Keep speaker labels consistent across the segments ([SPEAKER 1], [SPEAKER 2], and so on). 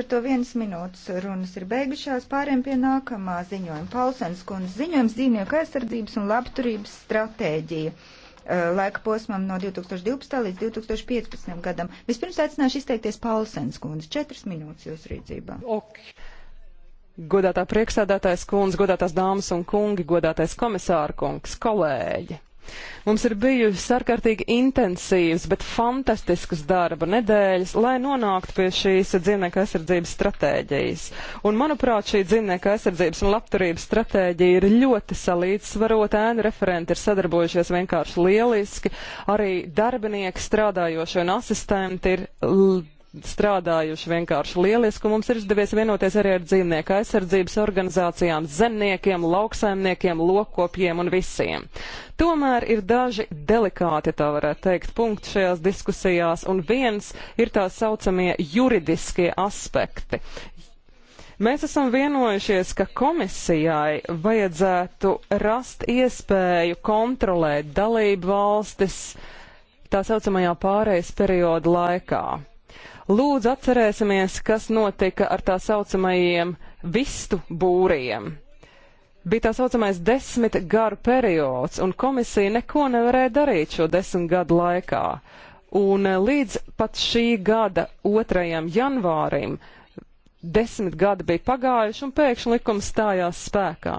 [SPEAKER 1] Ar to vienas minūtes runas ir beigušās, pāriem pie nākamā ziņojuma. Paulsens kundzes ziņojums dzīvnieku aizsardzības un labturības stratēģija uh, laika posmam no 2012. līdz 2015. gadam. Vispirms aicināšu izteikties Paulsens kundzes. Četras minūtes
[SPEAKER 2] jūs rīcībā. Okay. Godātā priekšsēdētājs kundze, godātās dāmas un kungi, godātais komisāra kungs, kolēģi. Mums ir bijusi ārkārtīgi intensīvas, bet fantastiskas darba nedēļas, lai nonāktu pie šīs dzīvnieku aizsardzības stratēģijas. Un, manuprāt, šī dzīvnieku aizsardzības un labturības stratēģija ir ļoti salīdzsvarota. Ēnu referenti ir sadarbojušies vienkārši lieliski. Arī darbinieki strādājošie un asistenti ir strādājuši vienkārši lieliski, un mums ir izdevies vienoties arī ar dzīvnieku aizsardzības organizācijām, zemniekiem, lauksaimniekiem, lokopiem un visiem. Tomēr ir daži delikāti, ja tā varētu teikt, punkti šajās diskusijās, un viens ir tā saucamie juridiskie aspekti. Mēs esam vienojušies, ka komisijai vajadzētu rast iespēju kontrolēt dalību valstis tā saucamajā pārejas perioda laikā. Lūdzu, atcerēsimies, kas notika ar tā saucamajiem vistu būriem. Bija tā saucamais desmit garu periods, un komisija neko nevarēja darīt šo desmit gadu laikā. Un eh, līdz pat šī gada 2. janvārim desmit gadi bija pagājuši un pēkšņi likums stājās spēkā.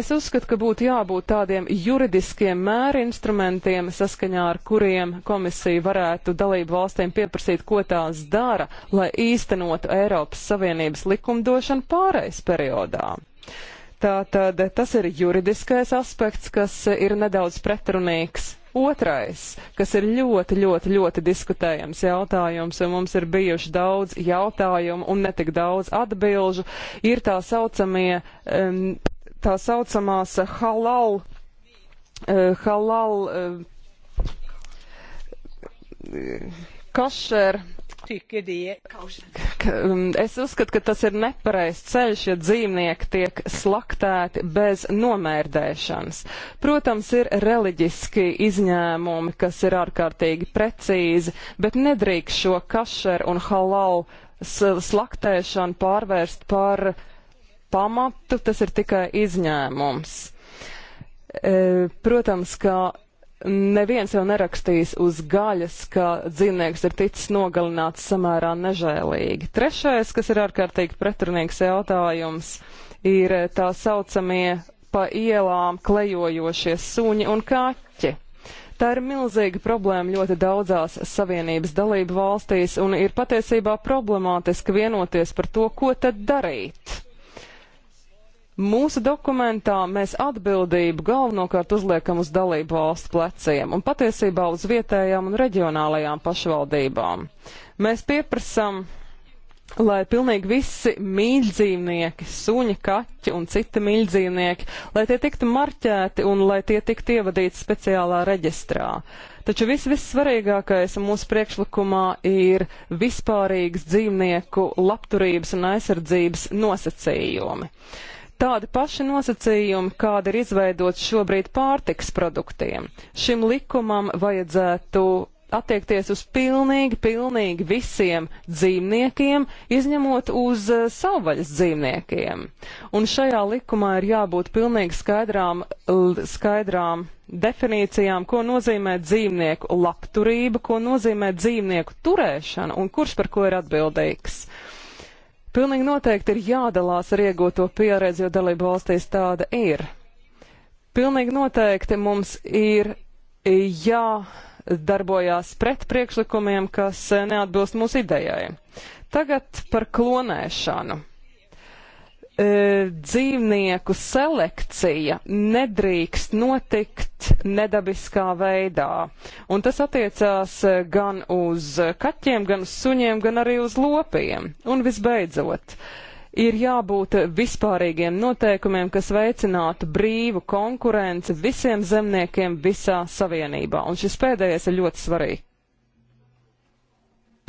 [SPEAKER 2] Es uzskatu, ka būtu jābūt tādiem juridiskiem mērinstrumentiem, saskaņā ar kuriem komisija varētu dalību valstīm pieprasīt, ko tās dara, lai īstenotu Eiropas Savienības likumdošanu pārejas periodā. Tātad tas ir juridiskais aspekts, kas ir nedaudz pretrunīgs Otrais, kas ir ļoti, ļoti, ļoti diskutējams jautājums, un mums ir bijuši daudz jautājumu un netik daudz atbilžu, ir tā saucamie, tā saucamās halal, eh, halal eh, kašer Um, es uzskatu, ka tas ir nepareizs ceļš, ja dzīvnieki tiek slaktēti bez nomērdēšanas. Protams, ir reliģiski izņēmumi, kas ir ārkārtīgi precīzi, bet nedrīkst šo kašeru un halau slaktēšanu pārvērst par pamatu, tas ir tikai izņēmums. E, protams, ka neviens jau nerakstīs uz gaļas, ka dzīvnieks ir ticis nogalināts samērā nežēlīgi. Trešais, kas ir ārkārtīgi pretrunīgs jautājums, ir tā saucamie pa ielām klejojošie suņi un kaķi. Tā ir milzīga problēma ļoti daudzās Savienības dalību valstīs un ir patiesībā problemātiski vienoties par to, ko tad darīt. Mūsu dokumentā mēs atbildību galvenokārt uzliekam uz dalību valstu pleciem un patiesībā uz vietējām un reģionālajām pašvaldībām. Mēs pieprasam lai pilnīgi visi mīļdzīvnieki, suņi, kaķi un citi mīļdzīvnieki, lai tie tiktu marķēti un lai tie tiktu ievadīti speciālā reģistrā. Taču viss vissvarīgākais mūsu priekšlikumā ir vispārīgs dzīvnieku labturības un aizsardzības nosacījumi. Tādi paši nosacījumi, kādi ir izveidot šobrīd pārtiks produktiem. Šim likumam vajadzētu attiekties uz pilnīgi, pilnīgi visiem dzīvniekiem, izņemot uz eh, savvaļas dzīvniekiem. Un šajā likumā ir jābūt pilnīgi skaidrām, skaidrām definīcijām, ko nozīmē dzīvnieku labturība, ko nozīmē dzīvnieku turēšana un kurš par ko ir atbildīgs. Uh, Pilnīgi noteikti ir jādalās ar iegūto pieredzi, jo dalību valstīs tāda ir. Pilnīgi noteikti mums ir jādarbojās pret priekšlikumiem, kas neatbilst mūsu idejai. Tagad par klonēšanu. E, dzīvnieku selekcija nedrīkst notikt nedabiskā veidā. Un tas attiecās gan uz kaķiem, gan uz suņiem, gan arī uz lopiem. Un visbeidzot, ir jābūt vispārīgiem noteikumiem, kas veicinātu brīvu konkurenci visiem zemniekiem visā savienībā. Un šis pēdējais ir ļoti svarīgs.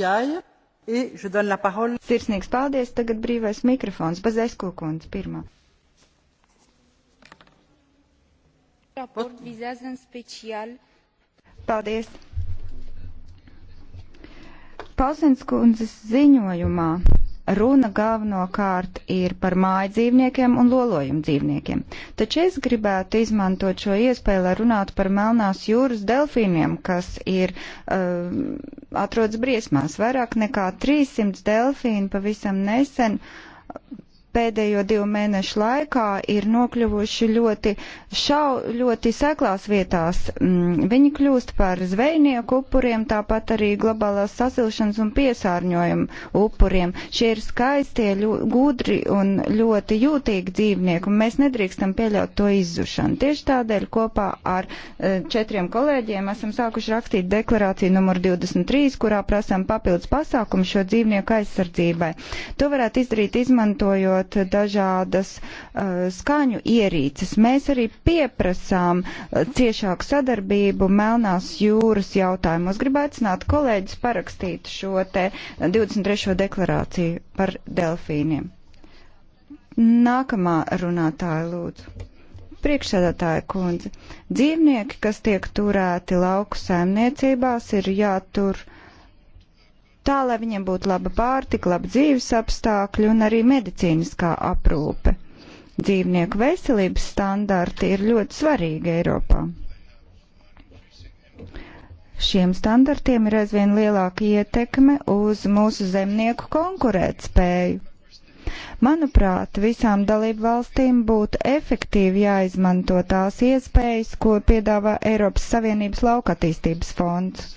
[SPEAKER 1] Jā, jā. Sirsnīgs paldies. Tagad brīvais mikrofons. Bazesko kundze pirmā. Raport vizează în special. Paldies. Pausenskundzes ziņojumā Runa galvenokārt ir par māju dzīvniekiem un lolojumu dzīvniekiem. Taču es gribētu izmantot šo iespēju, lai runātu par Melnās jūras delfīniem, kas ir uh, atrodas briesmās. Vairāk nekā 300 delfīni pavisam nesen pēdējo divu mēnešu laikā ir nokļuvuši ļoti, šau, ļoti seklās vietās. Mm, viņi kļūst par zvejnieku upuriem, tāpat arī globālās sasilšanas un piesārņojuma upuriem. Šie ir skaistie, gudri un ļoti jūtīgi dzīvnieki, un mēs nedrīkstam pieļaut to izzušanu. Tieši tādēļ kopā ar e, četriem kolēģiem esam sākuši rakstīt deklarāciju numur 23, kurā prasām papildus pasākumu šo dzīvnieku aizsardzībai. To varētu izdarīt izmantojot izmantot dažādas uh, skaņu ierīces. Mēs arī pieprasām uh, ciešāku sadarbību Melnās jūras jautājumos. Gribētu aicināt kolēģis parakstīt šo te 23. deklarāciju par delfīniem. Nākamā runātāja lūdzu priekšsēdētāja kundze, dzīvnieki, kas tiek turēti lauku saimniecībās, ir jātur tā, lai viņiem būtu laba pārtika, laba dzīves apstākļi un arī medicīniskā aprūpe. Dzīvnieku veselības standarti ir ļoti svarīgi Eiropā. Šiem standartiem ir aizvien lielāka ietekme uz mūsu zemnieku konkurētspēju. Manuprāt, visām dalību valstīm būtu efektīvi jāizmanto tās iespējas, ko piedāvā Eiropas Savienības lauka attīstības fonds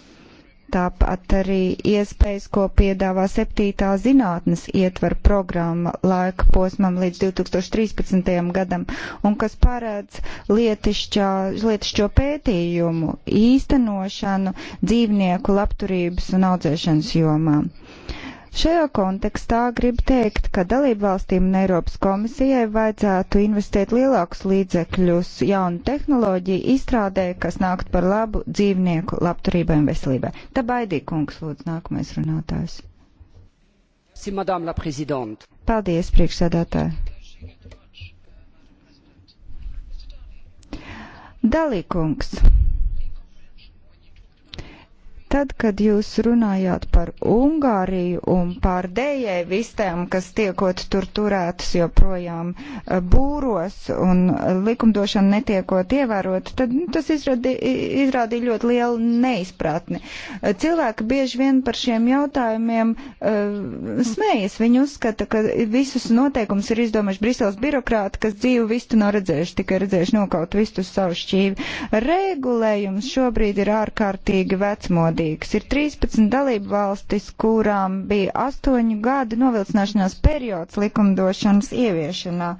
[SPEAKER 1] tāpat arī iespējas, ko piedāvā septītā zinātnes ietver programma laika posmam līdz 2013. gadam, un kas paredz lietišķā, lietišķo pētījumu īstenošanu dzīvnieku labturības un audzēšanas jomā. Šajā kontekstā gribu teikt, ka dalību valstīm un Eiropas komisijai vajadzētu investēt lielākus līdzekļus jaunu tehnoloģiju izstrādē, kas nākt par labu dzīvnieku labturībai un veselībai. Tā baidīja kungs, lūdzu, nākamais runātājs. Paldies, priekšsēdētāji. Dalīkungs. Tad, kad jūs runājāt par Ungāriju un par dējēju vistēm, kas tiekot tur turētas joprojām eh, būros un likumdošana netiekot ievērot, tad nu, tas izrādīja izrādī ļoti lielu neizpratni. Cilvēki bieži vien par šiem jautājumiem uh, smējas. Viņi uzskata, ka visus noteikumus ir izdomājuši Briseles birokrāti, kas dzīvu vistu nav redzējuši, tikai redzējuši nokaut vistu uz savu šķīvi. Regulējums šobrīd ir ārkārtīgi vecmodīgi godīgs. Ir 13 dalību valstis, kurām bija 8 gadi novilcināšanās periods likumdošanas ieviešanā.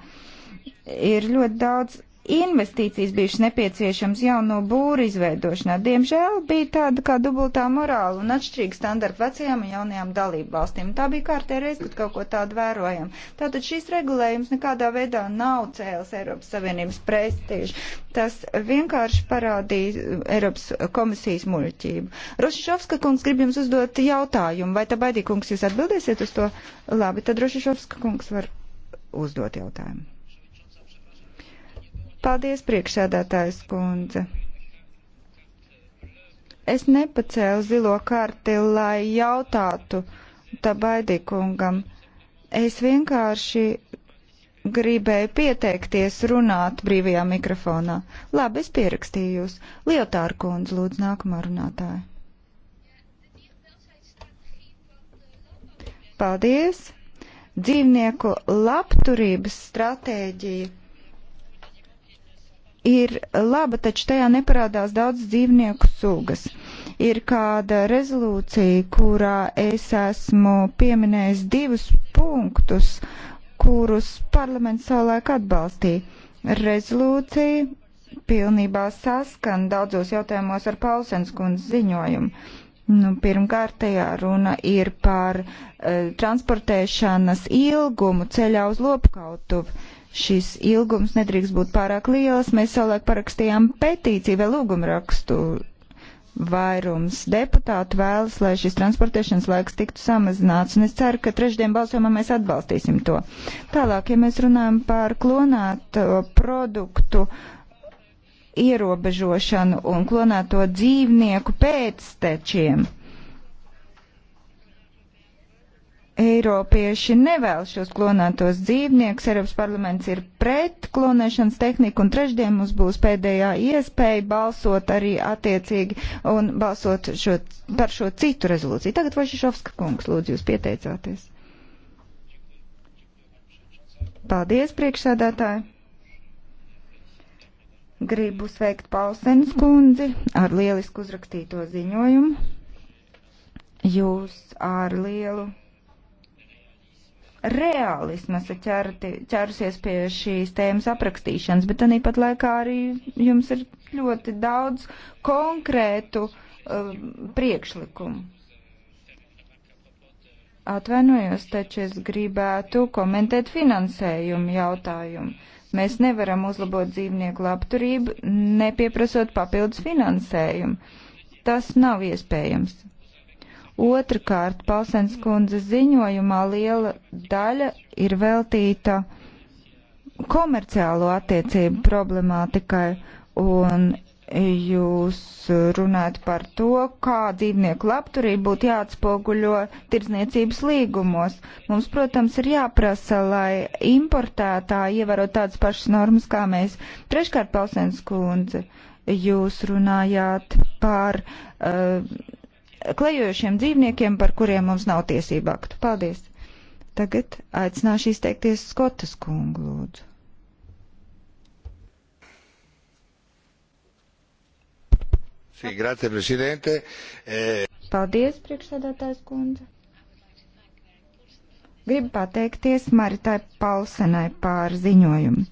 [SPEAKER 1] Ir ļoti daudz investīcijas bijušas nepieciešams jauno būru izveidošanā. Diemžēl bija tāda kā dubultā morāla un atšķirīga standarta vecajām un jaunajām dalību valstīm. Tā bija kārtē reiz, kad kaut ko tādu vērojam. Tātad šis regulējums nekādā veidā nav cēlis Eiropas Savienības prestižu. Tas vienkārši parādīja Eiropas komisijas muļķību. Rošišovska kungs grib jums uzdot jautājumu. Vai tā baidīkungs jūs atbildēsiet uz to? Labi, tad Rošišovska kungs var uzdot jautājumu. Paldies, priekšsēdētājs kundze. Es nepacēlu zilo karti, lai jautātu Tabaidikungam. Es vienkārši gribēju pieteikties runāt brīvajā mikrofonā. Labi, es pierakstīju jūs. Lietāra kundze, lūdzu, nākamā runātāja. Paldies! Dzīvnieku labturības stratēģija ir laba, taču tajā neparādās daudz dzīvnieku sugas. Ir kāda rezolūcija, kurā es esmu pieminējis divus punktus, kurus parlaments savulaik atbalstīja. Rezolūcija pilnībā saskan daudzos jautājumos ar Paulsenskundas ziņojumu. Nu, pirmkārt, tajā runa ir par uh, transportēšanas ilgumu ceļā uz lopkautuvi. Uh, šis ilgums nedrīkst būt pārāk liels. Mēs savulaik parakstījām petīciju vai lūgumu rakstu. Vairums deputātu vēlas, lai šis transportēšanas laiks tiktu samazināts, un es ceru, ka trešdien balsojumā mēs atbalstīsim to. Tālāk, ja mēs runājam par klonāto produktu ierobežošanu un klonāto dzīvnieku pēctečiem Eiropieši nevēl šos klonētos dzīvniekus. Eiropas parlaments ir pret klonēšanas tehniku, un trešdien mums būs pēdējā iespēja balsot arī attiecīgi un balsot šo, par šo citu rezolūciju. Tagad Vašišovska kungs, lūdzu, jūs pieteicāties. Paldies, priekšsēdētāji! Gribu sveikt Paulsenes kundzi ar lielisku uzrakstīto ziņojumu. Jūs ar lielu reālisma ķerusies pie šīs tēmas aprakstīšanas, bet tāpat laikā arī jums ir ļoti daudz konkrētu uh, priekšlikumu. Atvainojos, taču es gribētu komentēt finansējumu jautājumu. Mēs nevaram uzlabot dzīvnieku labturību, nepieprasot papildus finansējumu. Tas nav iespējams. Otrakārt, Pausens kundze ziņojumā liela daļa ir veltīta komerciālo attiecību problemātikai, un jūs runājat par to, kā dzīvnieku labturība būtu jāatspoguļo tirdzniecības līgumos. Mums, protams, ir jāprasa, lai importētāji ievērot tādas pašas normas kā mēs. Treškārt, Pausens kundze, jūs runājāt par. Uh, klejojošiem dzīvniekiem, par kuriem mums nav tiesību aktu. Paldies! Tagad aicināšu izteikties Skotas kungu lūdzu.
[SPEAKER 3] Sī, grācie, prezidente. E... Eh,
[SPEAKER 1] Paldies, priekšsēdētājs kundze. Gribu pateikties Maritai Palsenai pār ziņojumu.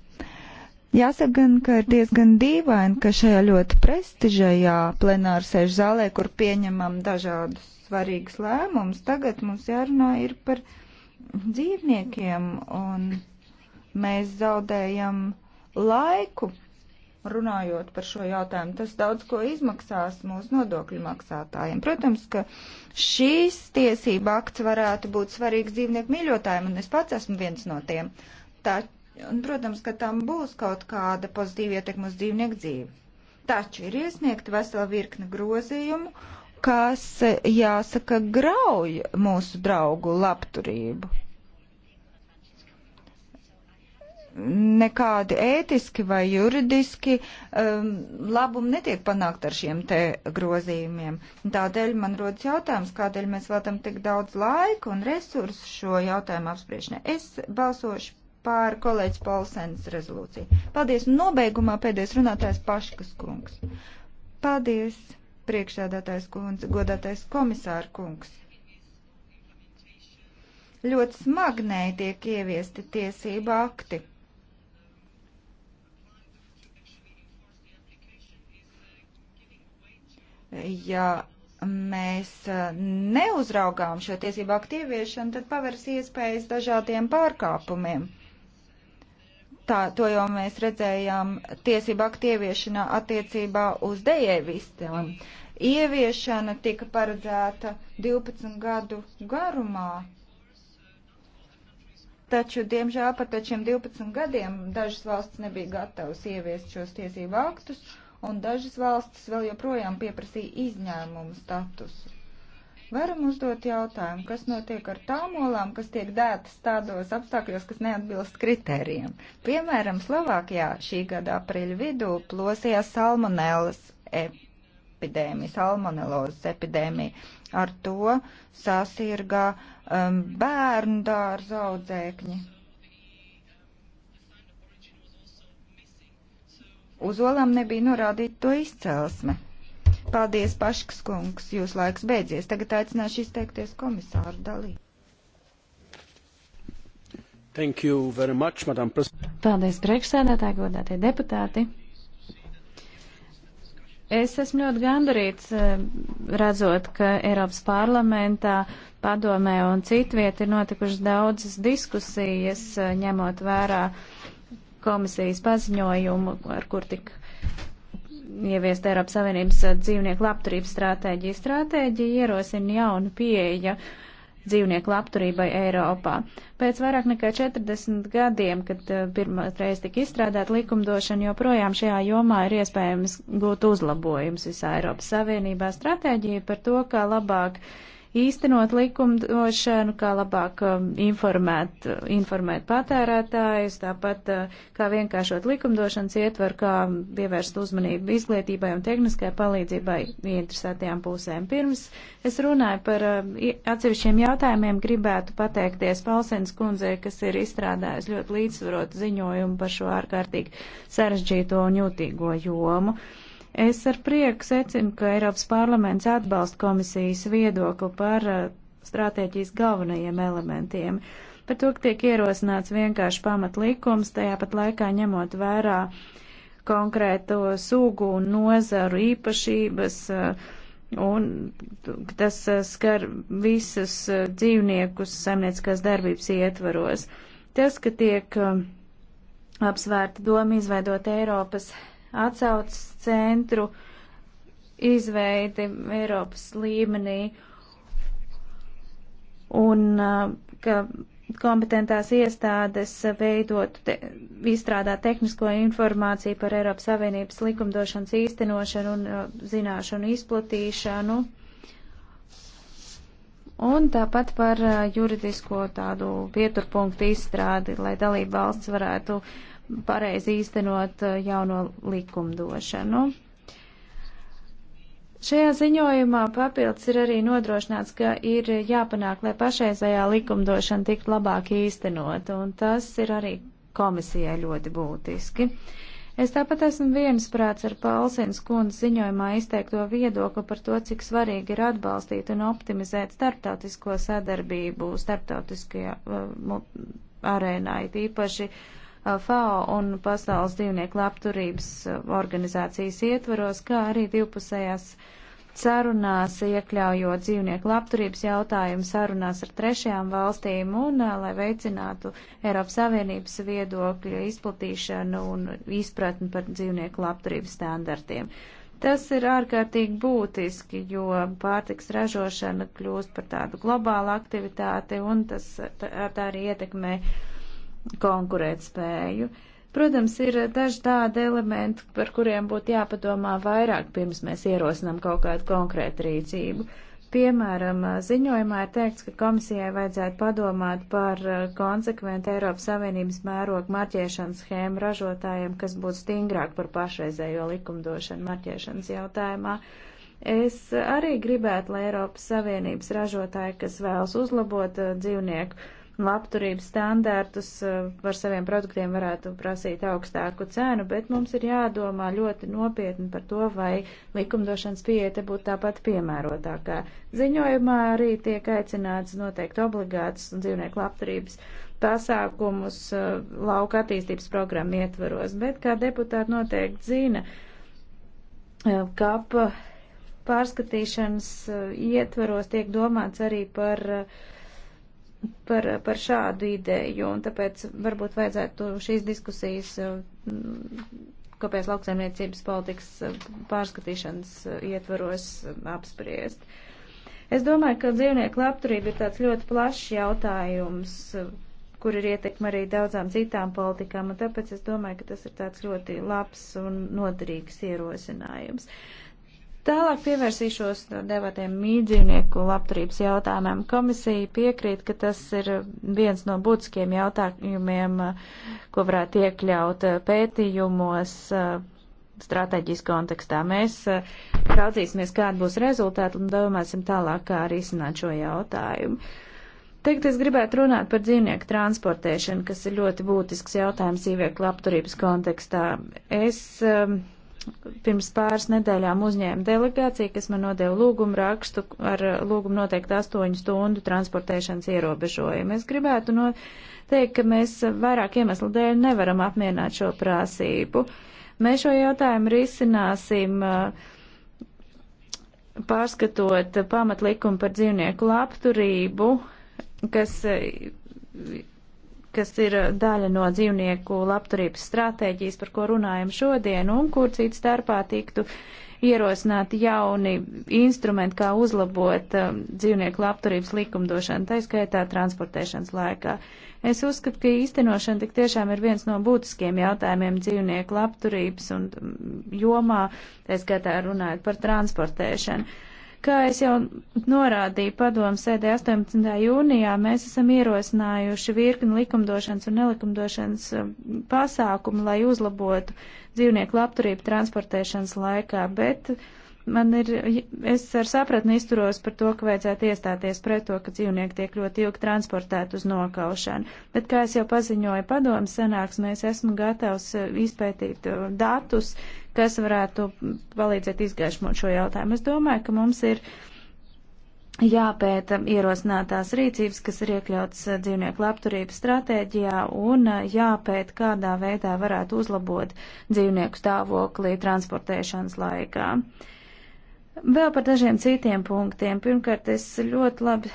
[SPEAKER 1] Jāsaka gan, ka ir diezgan dīvaini, ka šajā ļoti prestižajā plenārsēžu zālē, kur pieņemam dažādus svarīgus lēmumus, tagad mums jārunā ir par dzīvniekiem, un mēs zaudējam laiku runājot par šo jautājumu, tas daudz ko izmaksās mūsu nodokļu maksātājiem. Protams, ka šīs tiesība akts varētu būt svarīgs dzīvnieku mīļotājiem, un es pats esmu viens no tiem. Taču Un, protams, ka tam būs kaut kāda pozitīva ietekme uz dzīvnieku dzīvi. Taču ir iesniegta vesela virkne grozījumu, kas, jāsaka, grauj mūsu draugu labturību. Nekādi ētiski vai juridiski um, labumi netiek panākt ar šiem te grozījumiem. Tādēļ man rodas jautājums, kādēļ mēs veltam tik daudz laika un resursu šo jautājumu apspriešanai. Es balsošu pār kolēģis Paulsens rezolūciju. Paldies. Nobeigumā pēdējais runātājs Paškas kungs. Paldies, priekšsēdētājs kundze, godātais komisāra kungs ļoti smagnēji tiek ieviesti tiesību akti. Ja mēs e, neuzraugām šo tiesību aktu ieviešanu, tad paveras iespējas dažādiem pārkāpumiem. Tā to jau mēs redzējām tiesību aktu ieviešanā attiecībā uz dejēvistiem. Ieviešana tika paredzēta 12 gadu garumā. Taču, diemžēl, pat pēc šiem 12 gadiem dažas valsts nebija gatavas ieviest šos tiesību aktus, un dažas valstis vēl joprojām pieprasīja izņēmumu statusu. Varam uzdot jautājumu, kas notiek ar tām olām, kas tiek dētas tādos apstākļos, kas neatbilst kritērijiem. Piemēram, Slovākijā šī gada aprīļa vidū plosījās salmonēlas epidēmija, salmonelozes epidēmija. Ar to sasirgā um, bērnu dārza audzēkņi. Uz olām nebija norādīta to izcelsme. Paldies, Paškas kungs, jūs laiks beidzies. Tagad aicināšu izteikties komisāru dalī.
[SPEAKER 3] Thank you very much, Madam President. Paldies, priekšsēdētāji, godātie deputāti. Es esmu ļoti gandarīts, eh, redzot, ka Eiropas parlamentā, padomē un citviet ir notikušas daudzas diskusijas, eh, ņemot vērā komisijas paziņojumu, ar kur tik ieviest Eiropas Savienības eh, dzīvnieku labturības stratēģiju. Stratēģija ierosina jaunu pieeja dzīvnieku labturībai Eiropā. Pēc vairāk nekā 40 gadiem, kad eh, pirmreiz tika izstrādāta likumdošana, joprojām šajā jomā ir iespējams gūt uzlabojums visā Eiropas Savienībā. Stratēģija par to, kā labāk uh, īstenot likumdošanu, kā labāk um, informēt, informēt patērētājus, tāpat uh, kā vienkāršot likumdošanas ietvaru, kā pievērst uzmanību izglītībai un tehniskai palīdzībai interesētajām pusēm. Pirms es runāju par um, atsevišķiem jautājumiem, gribētu pateikties Palsens kundzei, kas ir izstrādājusi ļoti līdzsvarot ziņojumu par šo ārkārtīgi sarežģīto un jūtīgo jomu. Uh, Es ar prieku secinu, ka Eiropas parlaments atbalsta komisijas viedokli par eh, stratēģijas galvenajiem elementiem. Par to, ka tiek ierosināts vienkārši pamatlikums, tajā pat laikā ņemot vērā konkrēto sugu un nozaru īpašības, eh, un tas eh, skar visus dzīvniekus saimnieciskās darbības ietvaros. Tas, ka tiek apsvērta doma izveidot Eiropas atsaucas centru izveidi Eiropas līmenī un uh, ka kompetentās iestādes veidot, te, izstrādāt tehnisko informāciju par Eiropas Savienības likumdošanas īstenošanu un uh, zināšanu izplatīšanu. Un tāpat par uh, juridisko tādu pieturpunktu izstrādi, lai dalība valsts varētu uh, pareizi īstenot uh, jauno likumdošanu. Šajā ziņojumā papildus ir arī nodrošināts, ka ir jāpanāk, lai pašreizējā likumdošana tiktu labāk īstenot, un tas ir arī komisijai ļoti būtiski. Es tāpat esmu viensprāts ar Palsins kundzes ziņojumā izteikto viedokli par to, cik svarīgi ir atbalstīt un optimizēt starptautisko sadarbību starptautiskajā uh, arēnā, it īpaši uh, Uh, FAO un Pasaules dzīvnieku labturības uh, organizācijas ietvaros, kā arī divpusējās sarunās, iekļaujot dzīvnieku labturības jautājumu sarunās ar trešajām valstīm un uh, lai veicinātu Eiropas Savienības viedokļu izplatīšanu un izpratni par dzīvnieku labturības standartiem. Tas ir ārkārtīgi būtiski, jo pārtiks ražošana kļūst par tādu globālu aktivitāti un tas tā, tā arī ietekmē uh, konkurētspēju. Protams, ir daži tādi elementi, par kuriem būtu jāpadomā vairāk, pirms mēs ierosinām kaut kādu konkrētu rīcību. Piemēram, ziņojumā ir teikts, ka komisijai vajadzētu padomāt par eh, konsekventu Eiropas Savienības mērogu marķēšanas schēmu ražotājiem, kas būtu stingrāk par pašreizējo likumdošanu marķēšanas jautājumā. Es arī gribētu, lai Eiropas Savienības ražotāji, kas vēlas uzlabot eh, dzīvnieku labturības standārtus eh, par saviem produktiem varētu prasīt augstāku cenu, bet mums ir jādomā ļoti nopietni par to, vai likumdošanas pieeja būtu tāpat piemērotākā. Ziņojumā arī tiek aicināts noteikt obligātus dzīvnieku labturības pasākumus eh, lauka attīstības programmu ietvaros, bet kā deputāti noteikti zina, eh, kapa pārskatīšanas ietvaros tiek domāts arī par uh, par, par šādu ideju, un tāpēc varbūt vajadzētu šīs diskusijas mm, kopēc lauksaimniecības politikas pārskatīšanas ietvaros apspriest. Es domāju, ka dzīvnieku labturība ir tāds ļoti plašs jautājums, kur ir ietekma arī daudzām citām politikām, un tāpēc es domāju, ka tas ir tāds ļoti labs un noderīgs ierosinājums. Tālāk pievērsīšos debatēm mīdzīvnieku labturības jautājumiem. Komisija piekrīt, ka tas ir viens no būtiskiem jautājumiem, ko varētu iekļaut pētījumos stratēģijas kontekstā. Mēs eh, raudzīsimies, kāda būs rezultāta un domāsim tālāk, kā arī izsināt šo jautājumu. Tagad es gribētu runāt par dzīvnieku transportēšanu, kas ir ļoti būtisks jautājums dzīvnieku labturības kontekstā. Es um, pirms pāris nedēļām uzņēma delegācija, kas man nodeva lūgumu rakstu ar eh, lūgumu noteikti 8 stundu transportēšanas ierobežojumu. Es gribētu no teikt, ka mēs vairāk iemeslu dēļ nevaram apmierināt šo prasību. Mēs šo jautājumu risināsim eh, pārskatot pamatlikumu par dzīvnieku labturību, kas eh, kas ir daļa no dzīvnieku labturības stratēģijas, par ko runājam šodien, un kur cits starpā tiktu ierosināti jauni instrumenti, kā uzlabot um, dzīvnieku labturības likumdošanu, tā skaitā transportēšanas laikā. Es uzskatu, ka īstenošana tik tiešām ir viens no būtiskiem jautājumiem dzīvnieku labturības un um, jomā, tā skaitā runājot par transportēšanu. Kā es jau norādīju padomu sēdē 18. jūnijā, mēs esam ierosinājuši virkni likumdošanas un nelikumdošanas um, pasākumu, lai uzlabotu dzīvnieku labturību transportēšanas laikā, bet uh, man ir, es ar sapratni izturos par to, ka vajadzētu iestāties pret to, ka dzīvnieki tiek ļoti ilgi transportēti uz nokaušanu. Bet, kā es jau paziņoju padomu sanāksmēs, esmu gatavs eh, izpētīt eh, datus, kas varētu palīdzēt izgaismot šo jautājumu. Es domāju, ka mums ir jāpēta ierosinātās rīcības, kas ir iekļautas eh, dzīvnieku labturības stratēģijā, un jāpēta, kādā veidā varētu uzlabot dzīvnieku stāvoklī transportēšanas laikā. Uh, Vēl par dažiem citiem punktiem. Pirmkārt, es ļoti labi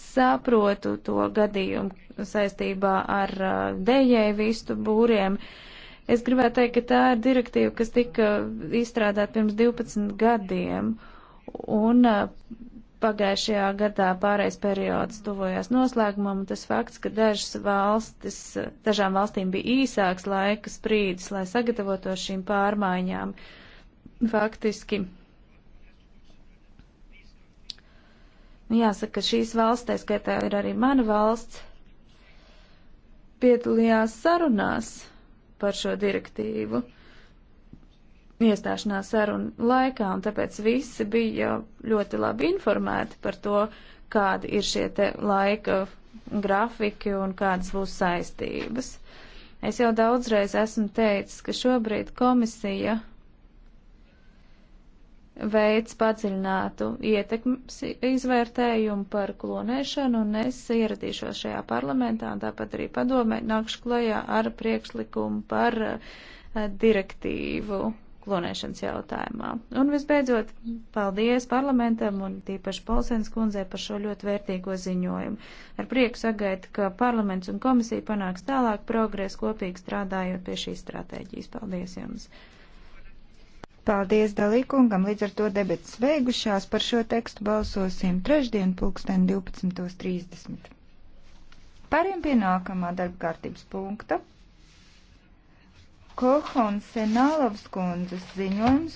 [SPEAKER 3] saprotu to gadījumu saistībā ar uh, dējēju vistu būriem. Es gribētu teikt, ka tā ir direktīva, kas tika izstrādāta pirms 12 gadiem, un uh, pagājušajā gadā pārējais periods tuvojās noslēgumam, un tas fakts, ka dažas valstis, dažām valstīm bija īsāks laika sprīdis, lai sagatavotos šīm pārmaiņām, faktiski Nu, jāsaka, šīs valsts, tā skaitā ir arī mana valsts, piedalījās sarunās par šo direktīvu iestāšanās sarunu laikā, un tāpēc visi bija ļoti labi informēti par to, kādi ir šie te laika grafiki un kādas būs saistības. Es jau daudzreiz esmu teicis, ka šobrīd komisija veids padziļinātu ietekmes izvērtējumu par klonēšanu, un es ieradīšos šajā parlamentā, un tāpat arī padomē, nākšu klajā ar priekšlikumu par eh, direktīvu klonēšanas jautājumā. Un visbeidzot, paldies parlamentam un tīpaši Polsens kundzē par šo ļoti vērtīgo ziņojumu. Ar prieku sagaidu, ka parlaments un komisija panāks tālāk progresu kopīgi strādājot pie šīs stratēģijas. Paldies jums!
[SPEAKER 1] Paldies Dalīkungam, līdz ar to debats beigušās. Par šo tekstu balsosim trešdien pulksten 12.30. Pāriem pie nākamā darba kārtības punkta. Kohons Senālovs kundzes ziņojums